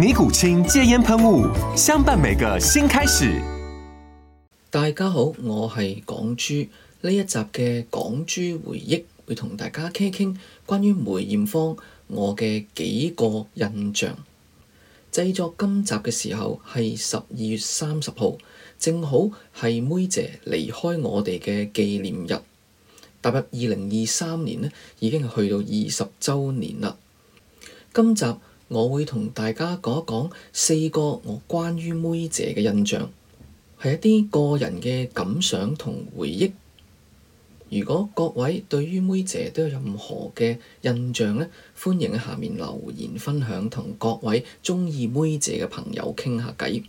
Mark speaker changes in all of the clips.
Speaker 1: 尼古清戒煙噴霧，相伴每個新開始。大家好，我係港豬。呢一集嘅港豬回憶，會同大家傾傾關於梅艷芳我嘅幾個印象。製作今集嘅時候係十二月三十號，正好係梅姐離開我哋嘅紀念日。踏入二零二三年呢，已經係去到二十周年啦。今集。我會同大家講一講四個我關於梅姐嘅印象，係一啲個人嘅感想同回憶。如果各位對於梅姐都有任何嘅印象咧，歡迎喺下面留言分享，同各位鍾意梅姐嘅朋友傾下偈。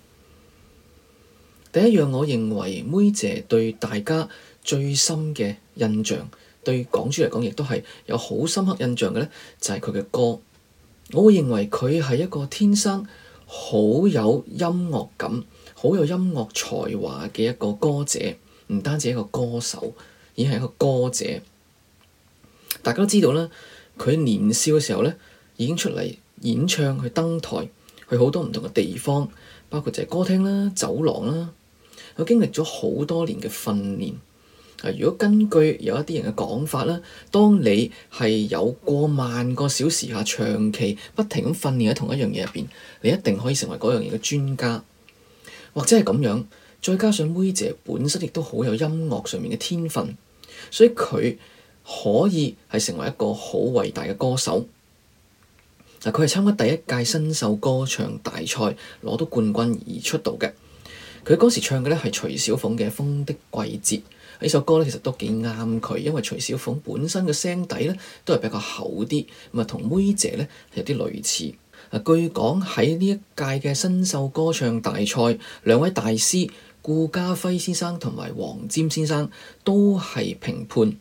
Speaker 1: 第一樣，我認為梅姐對大家最深嘅印象，對港豬嚟講亦都係有好深刻印象嘅咧，就係佢嘅歌。我會認為佢係一個天生好有音樂感、好有音樂才華嘅一個歌者，唔單止係一個歌手，而係一個歌者。大家都知道啦，佢年少嘅時候呢已經出嚟演唱去登台，去好多唔同嘅地方，包括就係歌廳啦、走廊啦。佢經歷咗好多年嘅訓練。如果根據有一啲人嘅講法咧，當你係有過萬個小時下長期不停咁訓練喺同一樣嘢入邊，你一定可以成為嗰樣嘢嘅專家，或者係咁樣。再加上梅姐本身亦都好有音樂上面嘅天分，所以佢可以係成為一個好偉大嘅歌手。嗱，佢係參加第一屆新秀歌唱大賽攞到冠軍而出道嘅。佢嗰時唱嘅咧係徐小鳳嘅《風的季節》。呢首歌咧其實都幾啱佢，因為徐小鳳本身嘅聲底咧都係比較厚啲，咁啊同梅姐呢，係有啲類似。啊，據講喺呢一屆嘅新秀歌唱大賽，兩位大師顧嘉輝先生同埋黃霑先生都係評判，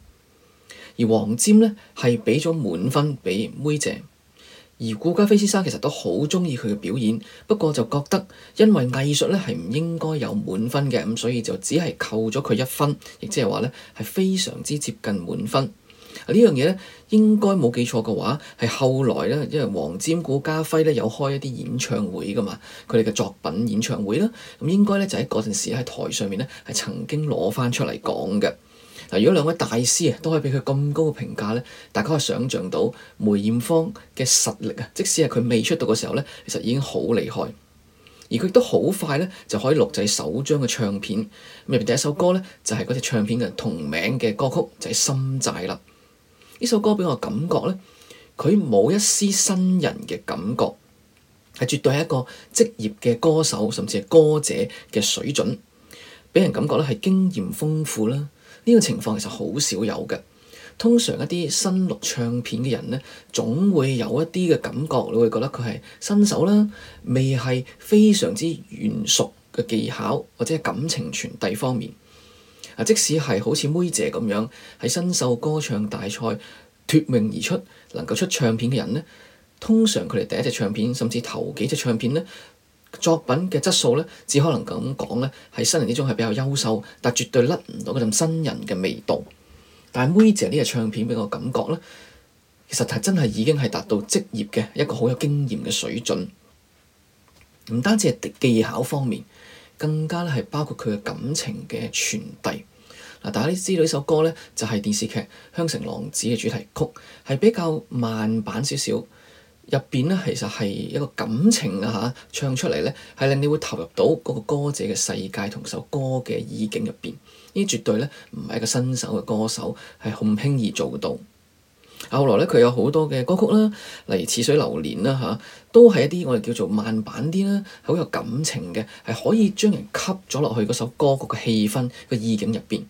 Speaker 1: 而黃霑呢，係俾咗滿分俾梅姐。而顧嘉輝先生其實都好鍾意佢嘅表演，不過就覺得因為藝術呢係唔應該有滿分嘅，咁所以就只係扣咗佢一分，亦即係話呢係非常之接近滿分。啊、樣呢樣嘢呢應該冇記錯嘅話，係後來呢，因為黃霑、顧嘉輝呢有開一啲演唱會㗎嘛，佢哋嘅作品演唱會啦，咁應該呢就喺嗰陣時喺台上面呢係曾經攞返出嚟講嘅。如果兩位大師啊都可以畀佢咁高嘅評價咧，大家可以想象到梅艷芳嘅實力啊，即使係佢未出道嘅時候呢，其實已經好厲害，而佢亦都好快呢就可以錄製首張嘅唱片，入邊第一首歌呢，就係嗰隻唱片嘅同名嘅歌曲，就係、是《心債》啦。呢首歌畀我感覺呢，佢冇一絲新人嘅感覺，係絕對係一個職業嘅歌手甚至係歌者嘅水準，畀人感覺呢係經驗豐富啦。呢個情況其實好少有嘅，通常一啲新錄唱片嘅人呢，總會有一啲嘅感覺，你會覺得佢係新手啦，未係非常之圓熟嘅技巧或者係感情傳遞方面。啊，即使係好似梅姐咁樣，喺新秀歌唱大賽脱穎而出，能夠出唱片嘅人呢，通常佢哋第一隻唱片甚至頭幾隻唱片呢，作品嘅質素呢，只可能咁講呢，係新人之中係比較優秀，但絕對甩唔到嗰種新人嘅味道。但係梅姐呢隻唱片畀我感覺呢，其實係真係已經係達到職業嘅一個好有經驗嘅水準，唔單止係技巧方面，更加咧係包括佢嘅感情嘅傳遞。嗱，大家都知道呢首歌呢，就係電視劇《香城浪子》嘅主題曲，係比較慢版少少。入邊呢，面其實係一個感情啊嚇，唱出嚟呢，係令你會投入到嗰個歌者嘅世界同首歌嘅意境入邊。呢啲絕對呢，唔係一個新手嘅歌手係好唔輕易做到。後來呢，佢有好多嘅歌曲啦，例如《似水流年》啦嚇，都係一啲我哋叫做慢板啲啦，好有感情嘅，係可以將人吸咗落去嗰首歌曲嘅氣氛、個意境入邊。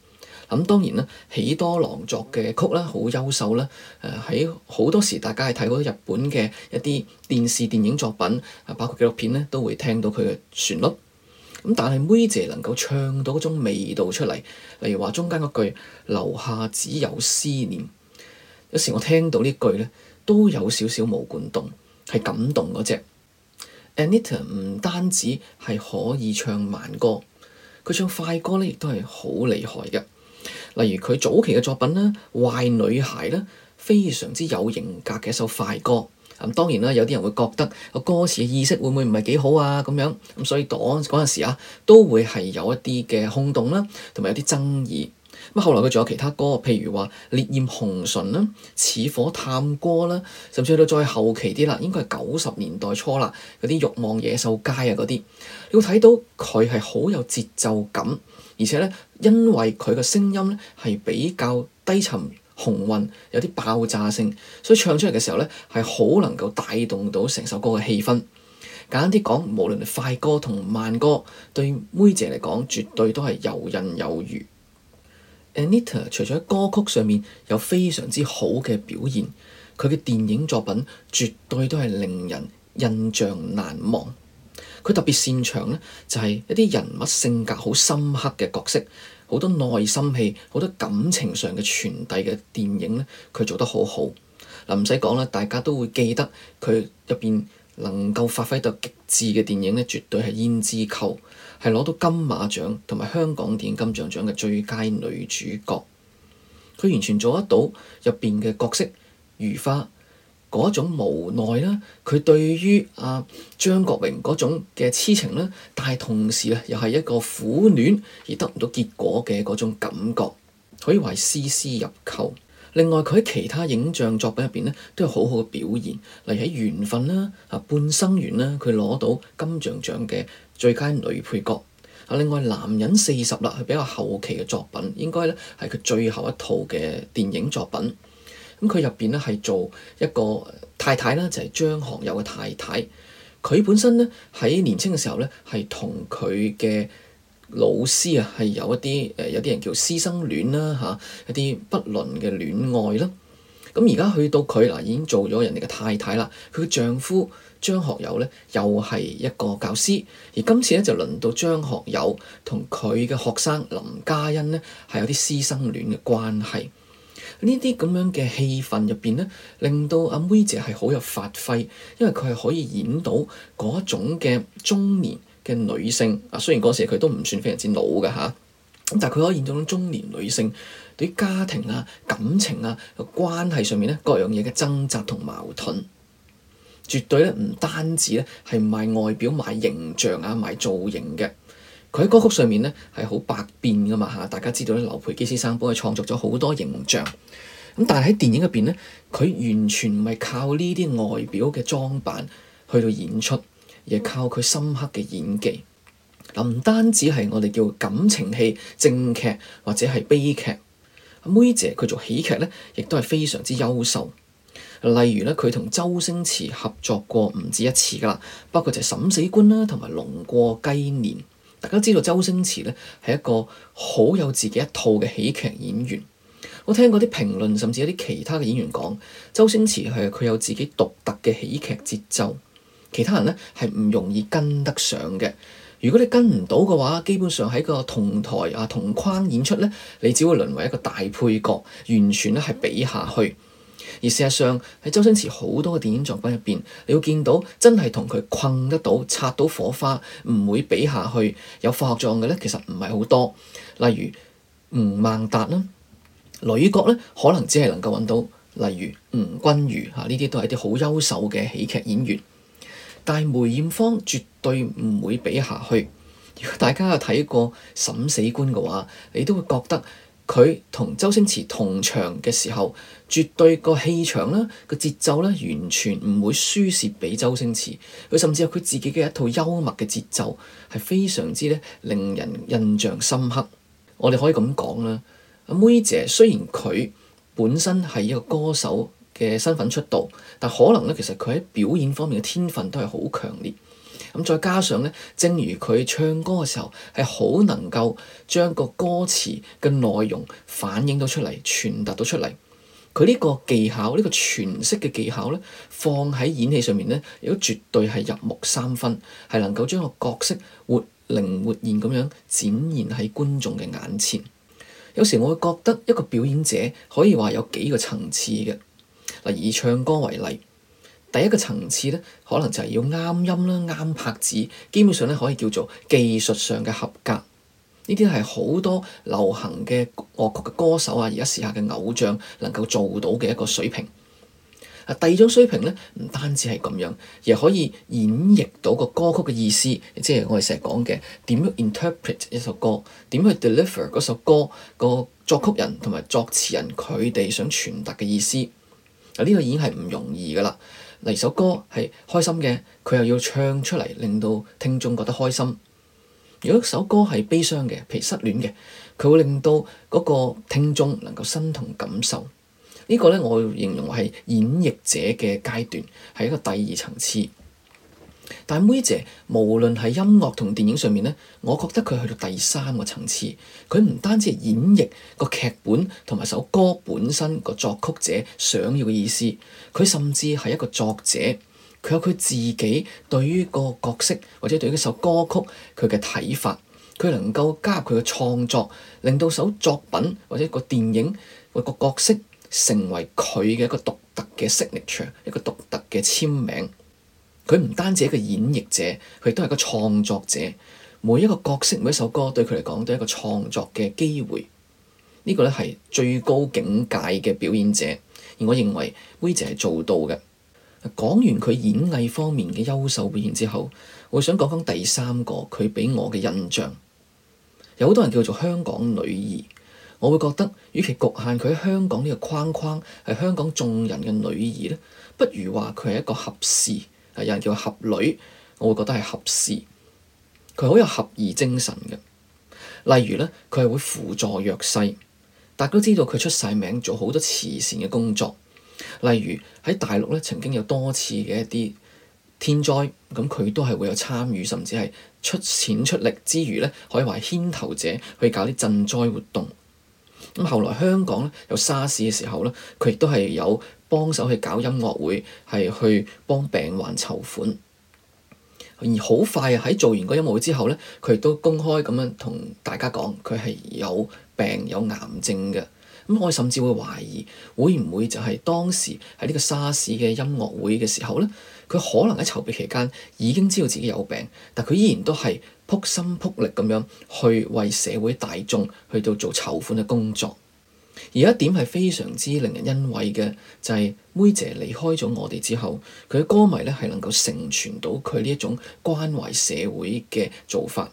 Speaker 1: 咁當然啦，喜多郎作嘅曲啦，好優秀啦。誒，喺好多時大家係睇嗰啲日本嘅一啲電視電影作品啊，包括紀錄片咧，都會聽到佢嘅旋律。咁但係梅姐能夠唱到嗰種味道出嚟，例如話中間嗰句留下只有思念，有時我聽到呢句咧都有少少毛管動，係感動嗰隻。Anita 唔單止係可以唱慢歌，佢唱快歌咧亦都係好厲害嘅。例如佢早期嘅作品呢，《壞女孩》呢，非常之有型格嘅一首快歌。咁當然啦，有啲人會覺得個歌詞嘅意識會唔會唔係幾好啊？咁樣所以當嗰時啊，都會係有一啲嘅轟動啦，同埋有啲爭議。咁後來佢仲有其他歌，譬如話《烈焰紅唇》啦，《似火探戈》啦，甚至到再後期啲啦，應該係九十年代初啦，嗰啲《慾望野獸街》啊嗰啲，你會睇到佢係好有節奏感。而且呢，因為佢嘅聲音呢係比較低沉、雄渾，有啲爆炸性，所以唱出嚟嘅時候呢，係好能夠帶動到成首歌嘅氣氛。簡單啲講，無論快歌同慢歌，對梅姐嚟講絕對都係游刃有餘。Anita 除咗喺歌曲上面有非常之好嘅表現，佢嘅電影作品絕對都係令人印象難忘。佢特別擅長呢，就係一啲人物性格好深刻嘅角色，好多內心戲，好多感情上嘅傳遞嘅電影呢，佢做得好好嗱，唔使講啦，大家都會記得佢入邊能夠發揮到極致嘅電影呢，絕對係《胭脂扣》，係攞到金馬獎同埋香港電影金像獎嘅最佳女主角，佢完全做得到入邊嘅角色如花。嗰一種無奈啦，佢對於阿、啊、張國榮嗰種嘅痴情啦，但係同時啊又係一個苦戀而得唔到結果嘅嗰種感覺，可以話係絲絲入扣。另外佢喺其他影像作品入邊咧，都有好好嘅表現，例如喺《緣分》啦、啊，《半生緣》啦，佢攞到金像獎嘅最佳女配角。啊，另外《男人四十》啦，係比較後期嘅作品，應該咧係佢最後一套嘅電影作品。咁佢入邊咧係做一個太太啦，就係、是、張學友嘅太太。佢本身咧喺年青嘅時候咧，係同佢嘅老師啊係有一啲誒有啲人叫師生戀啦嚇、啊，一啲不倫嘅戀愛啦。咁而家去到佢嗱已經做咗人哋嘅太太啦，佢嘅丈夫張學友咧又係一個教師。而今次咧就輪到張學友同佢嘅學生林嘉欣咧係有啲師生戀嘅關係。呢啲咁樣嘅氣氛入邊咧，令到阿妹姐係好有發揮，因為佢係可以演到嗰種嘅中年嘅女性啊。雖然嗰時佢都唔算非常之老嘅吓，咁但係佢可以演到中年女性對於家庭啊、感情啊、關係上面咧各樣嘢嘅掙扎同矛盾，絕對咧唔單止咧係賣外表、賣形象啊、賣造型嘅。佢喺歌曲上面咧係好百變噶嘛嚇，大家知道咧，劉培基先生幫佢創作咗好多形象。咁但係喺電影入邊咧，佢完全唔係靠呢啲外表嘅裝扮去到演出，而係靠佢深刻嘅演技。嗱，唔單止係我哋叫感情戲、正劇或者係悲劇，阿梅姐佢做喜劇咧，亦都係非常之優秀。例如咧，佢同周星馳合作過唔止一次噶啦，包括就係《審死官》啦，同埋《龍過雞年》。大家知道周星馳呢，係一個好有自己一套嘅喜劇演員。我聽過啲評論，甚至有啲其他嘅演員講，周星馳係佢有自己獨特嘅喜劇節奏，其他人呢，係唔容易跟得上嘅。如果你跟唔到嘅話，基本上喺個同台啊同框演出呢，你只會淪為一個大配角，完全呢，係比下去。而事實上喺周星馳好多嘅電影作品入邊，你會見到真係同佢困得到、擦到火花，唔會比下去有化學作用嘅咧。其實唔係好多，例如吳孟達啦、女角國咧，可能只係能夠揾到，例如吳君如嚇，呢啲都係啲好優秀嘅喜劇演員。但係梅艷芳絕對唔會比下去。如果大家有睇過《審死官》嘅話，你都會覺得。佢同周星馳同場嘅時候，絕對個氣場啦，個節奏咧，完全唔會輸蝕俾周星馳。佢甚至係佢自己嘅一套幽默嘅節奏，係非常之咧令人印象深刻。我哋可以咁講啦，阿妹姐雖然佢本身係一個歌手嘅身份出道，但可能咧，其實佢喺表演方面嘅天分都係好強烈。咁再加上咧，正如佢唱歌嘅時候係好能夠將個歌詞嘅內容反映到出嚟、傳達到出嚟，佢呢個技巧、呢、這個詮釋嘅技巧咧，放喺演戲上面咧，亦都絕對係入木三分，係能夠將個角色活靈活現咁樣展現喺觀眾嘅眼前。有時我會覺得一個表演者可以話有幾個層次嘅嗱，以唱歌為例。第一個層次咧，可能就係要啱音啦，啱拍子，基本上咧可以叫做技術上嘅合格。呢啲係好多流行嘅樂曲嘅歌手啊，而家時下嘅偶像能夠做到嘅一個水平。啊，第二種水平咧，唔單止係咁樣，而可以演繹到個歌曲嘅意思，即係我哋成日講嘅點樣 interpret 一首歌，點去 deliver 嗰首歌個作曲人同埋作詞人佢哋想傳達嘅意思。啊，呢個已經係唔容易噶啦。嚟首歌係開心嘅，佢又要唱出嚟，令到聽眾覺得開心。如果首歌係悲傷嘅，譬如失戀嘅，佢會令到嗰個聽眾能夠身同感受。這個、呢個咧，我會形容係演繹者嘅階段，係一個第二層次。但係梅姐無論係音樂同電影上面呢，我覺得佢去到第三個層次。佢唔單止係演繹個劇本同埋首歌本身個作曲者想要嘅意思，佢甚至係一個作者，佢有佢自己對於個角色或者對於首歌曲佢嘅睇法，佢能夠加入佢嘅創作，令到首作品或者個電影或個角色成為佢嘅一個獨特嘅 signature，一個獨特嘅簽名。佢唔單止係個演繹者，佢亦都係個創作者。每一個角色，每一首歌，對佢嚟講都係一個創作嘅機會。呢、這個咧係最高境界嘅表演者，而我認為梅姐係做到嘅。講完佢演藝方面嘅優秀表現之後，我想講講第三個佢畀我嘅印象。有好多人叫做香港女兒，我會覺得，與其局限佢喺香港呢個框框係香港眾人嘅女兒咧，不如話佢係一個合事。有人叫俠女，我會覺得係俠士，佢好有俠義精神嘅。例如咧，佢係會輔助弱勢，大家都知道佢出晒名，做好多慈善嘅工作。例如喺大陸咧，曾經有多次嘅一啲天災，咁佢都係會有參與，甚至係出錢出力之餘咧，可以話係牽頭者去搞啲賑災活動。咁後來香港咧有沙士嘅時候咧，佢亦都係有幫手去搞音樂會，係去幫病患籌款，而好快啊喺做完個音樂會之後咧，佢都公開咁樣同大家講，佢係有病有癌症嘅。咁我甚至會懷疑，會唔會就係當時喺呢個沙士嘅音樂會嘅時候咧，佢可能喺籌備期間已經知道自己有病，但佢依然都係撲心撲力咁樣去為社會大眾去到做籌款嘅工作。而一點係非常之令人欣慰嘅，就係、是、梅姐離開咗我哋之後，佢嘅歌迷咧係能夠承傳到佢呢一種關懷社會嘅做法，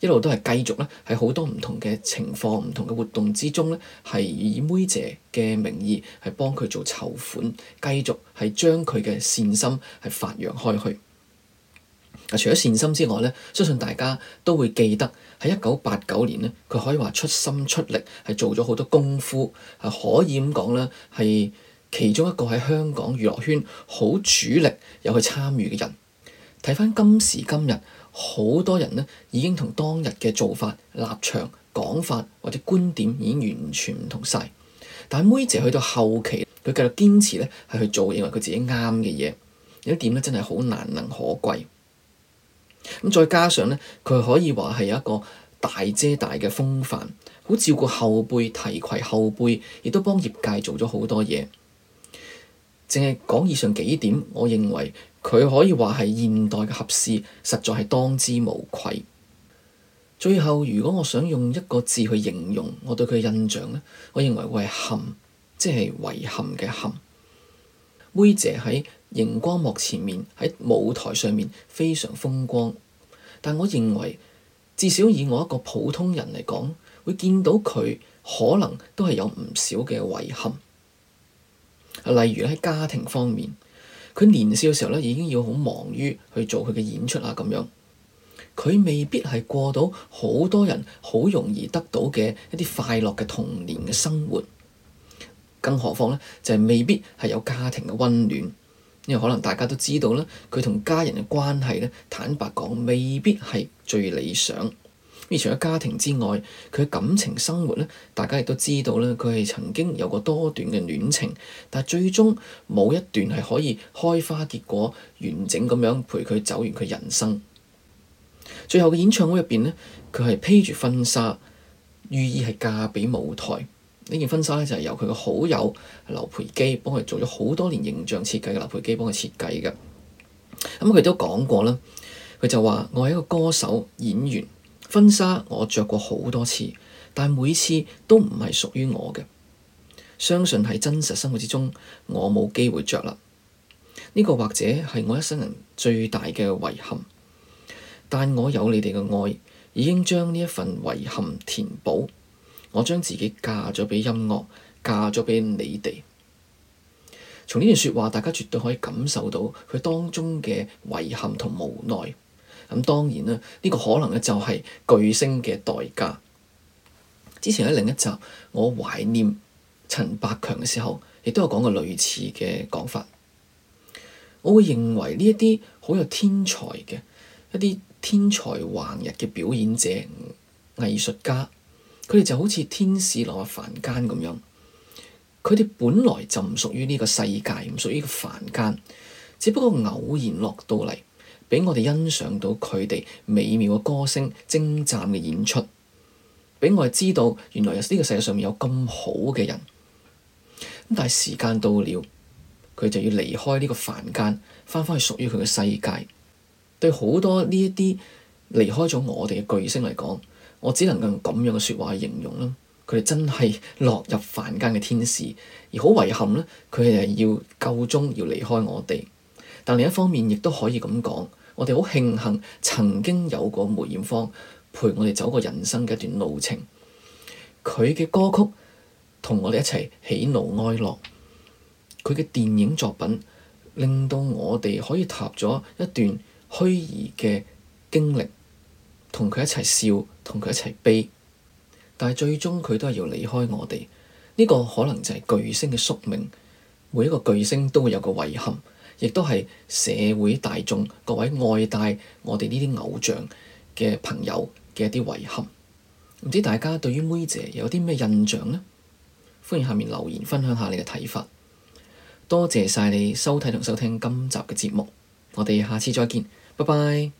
Speaker 1: 一路都係繼續咧喺好多唔同嘅情況、唔同嘅活動之中咧，係以梅姐嘅名義係幫佢做籌款，繼續係將佢嘅善心係發揚開去。除咗善心之外咧，相信大家都會記得喺一九八九年咧，佢可以話出心出力係做咗好多功夫，係可以咁講咧，係其中一個喺香港娛樂圈好主力有去參與嘅人。睇返今時今日，好多人咧已經同當日嘅做法、立場、講法或者觀點已經完全唔同晒。但係，梅姐去到後期，佢繼續堅持咧係去做，認為佢自己啱嘅嘢，有一點咧真係好難能可貴。咁再加上咧，佢可以話係一個大姐大嘅風範，好照顧後輩，提攜後輩，亦都幫業界做咗好多嘢。淨係講以上幾點，我認為佢可以話係現代嘅俠士，實在係當之無愧。最後，如果我想用一個字去形容我對佢嘅印象咧，我認為會係憾，即係遺憾嘅憾。梅姐喺熒光幕前面，喺舞台上面非常風光，但我認為至少以我一個普通人嚟講，會見到佢可能都係有唔少嘅遺憾，例如喺家庭方面，佢年少嘅時候咧已經要好忙於去做佢嘅演出啊，咁樣佢未必係過到好多人好容易得到嘅一啲快樂嘅童年嘅生活，更何況咧就係、是、未必係有家庭嘅溫暖。因為可能大家都知道啦，佢同家人嘅關係咧，坦白講未必係最理想。而除咗家庭之外，佢嘅感情生活咧，大家亦都知道咧，佢係曾經有過多段嘅戀情，但係最終冇一段係可以開花結果、完整咁樣陪佢走完佢人生。最後嘅演唱會入邊咧，佢係披住婚紗，寓意係嫁俾舞台。呢件婚紗咧就係由佢嘅好友劉培基幫佢做咗好多年形象設計嘅劉培基幫佢設計嘅。咁佢都講過啦，佢就話：我係一個歌手、演員，婚紗我着過好多次，但每次都唔係屬於我嘅。相信喺真實生活之中，我冇機會着啦。呢、這個或者係我一生人最大嘅遺憾。但我有你哋嘅愛，已經將呢一份遺憾填補。我將自己嫁咗畀音樂，嫁咗畀你哋。從呢段説話，大家絕對可以感受到佢當中嘅遺憾同無奈。咁當然啦，呢個可能就係巨星嘅代價。之前喺另一集，我懷念陳百強嘅時候，亦都有講過類似嘅講法。我會認為呢一啲好有天才嘅一啲天才橫溢嘅表演者、藝術家。佢哋就好似天使落嚟凡間咁樣，佢哋本來就唔屬於呢個世界，唔屬於凡間，只不過偶然落到嚟，畀我哋欣賞到佢哋美妙嘅歌聲、精湛嘅演出，畀我哋知道原來呢個世界上面有咁好嘅人。咁但係時間到了，佢就要離開呢個凡間，翻返去屬於佢嘅世界。對好多呢一啲離開咗我哋嘅巨星嚟講，我只能用咁樣嘅説話去形容啦。佢哋真係落入凡間嘅天使，而好遺憾咧，佢哋係要夠鐘要離開我哋。但另一方面，亦都可以咁講，我哋好慶幸曾經有過梅艷芳陪我哋走過人生嘅一段路程。佢嘅歌曲同我哋一齊喜怒哀樂，佢嘅電影作品令到我哋可以踏咗一段虛擬嘅經歷，同佢一齊笑。同佢一齊悲，但係最終佢都係要離開我哋。呢個可能就係巨星嘅宿命。每一個巨星都會有個遺憾，亦都係社會大眾各位愛戴我哋呢啲偶像嘅朋友嘅一啲遺憾。唔知大家對於梅姐有啲咩印象呢？歡迎下面留言分享下你嘅睇法。多謝晒你收睇同收聽今集嘅節目。我哋下次再見，拜拜。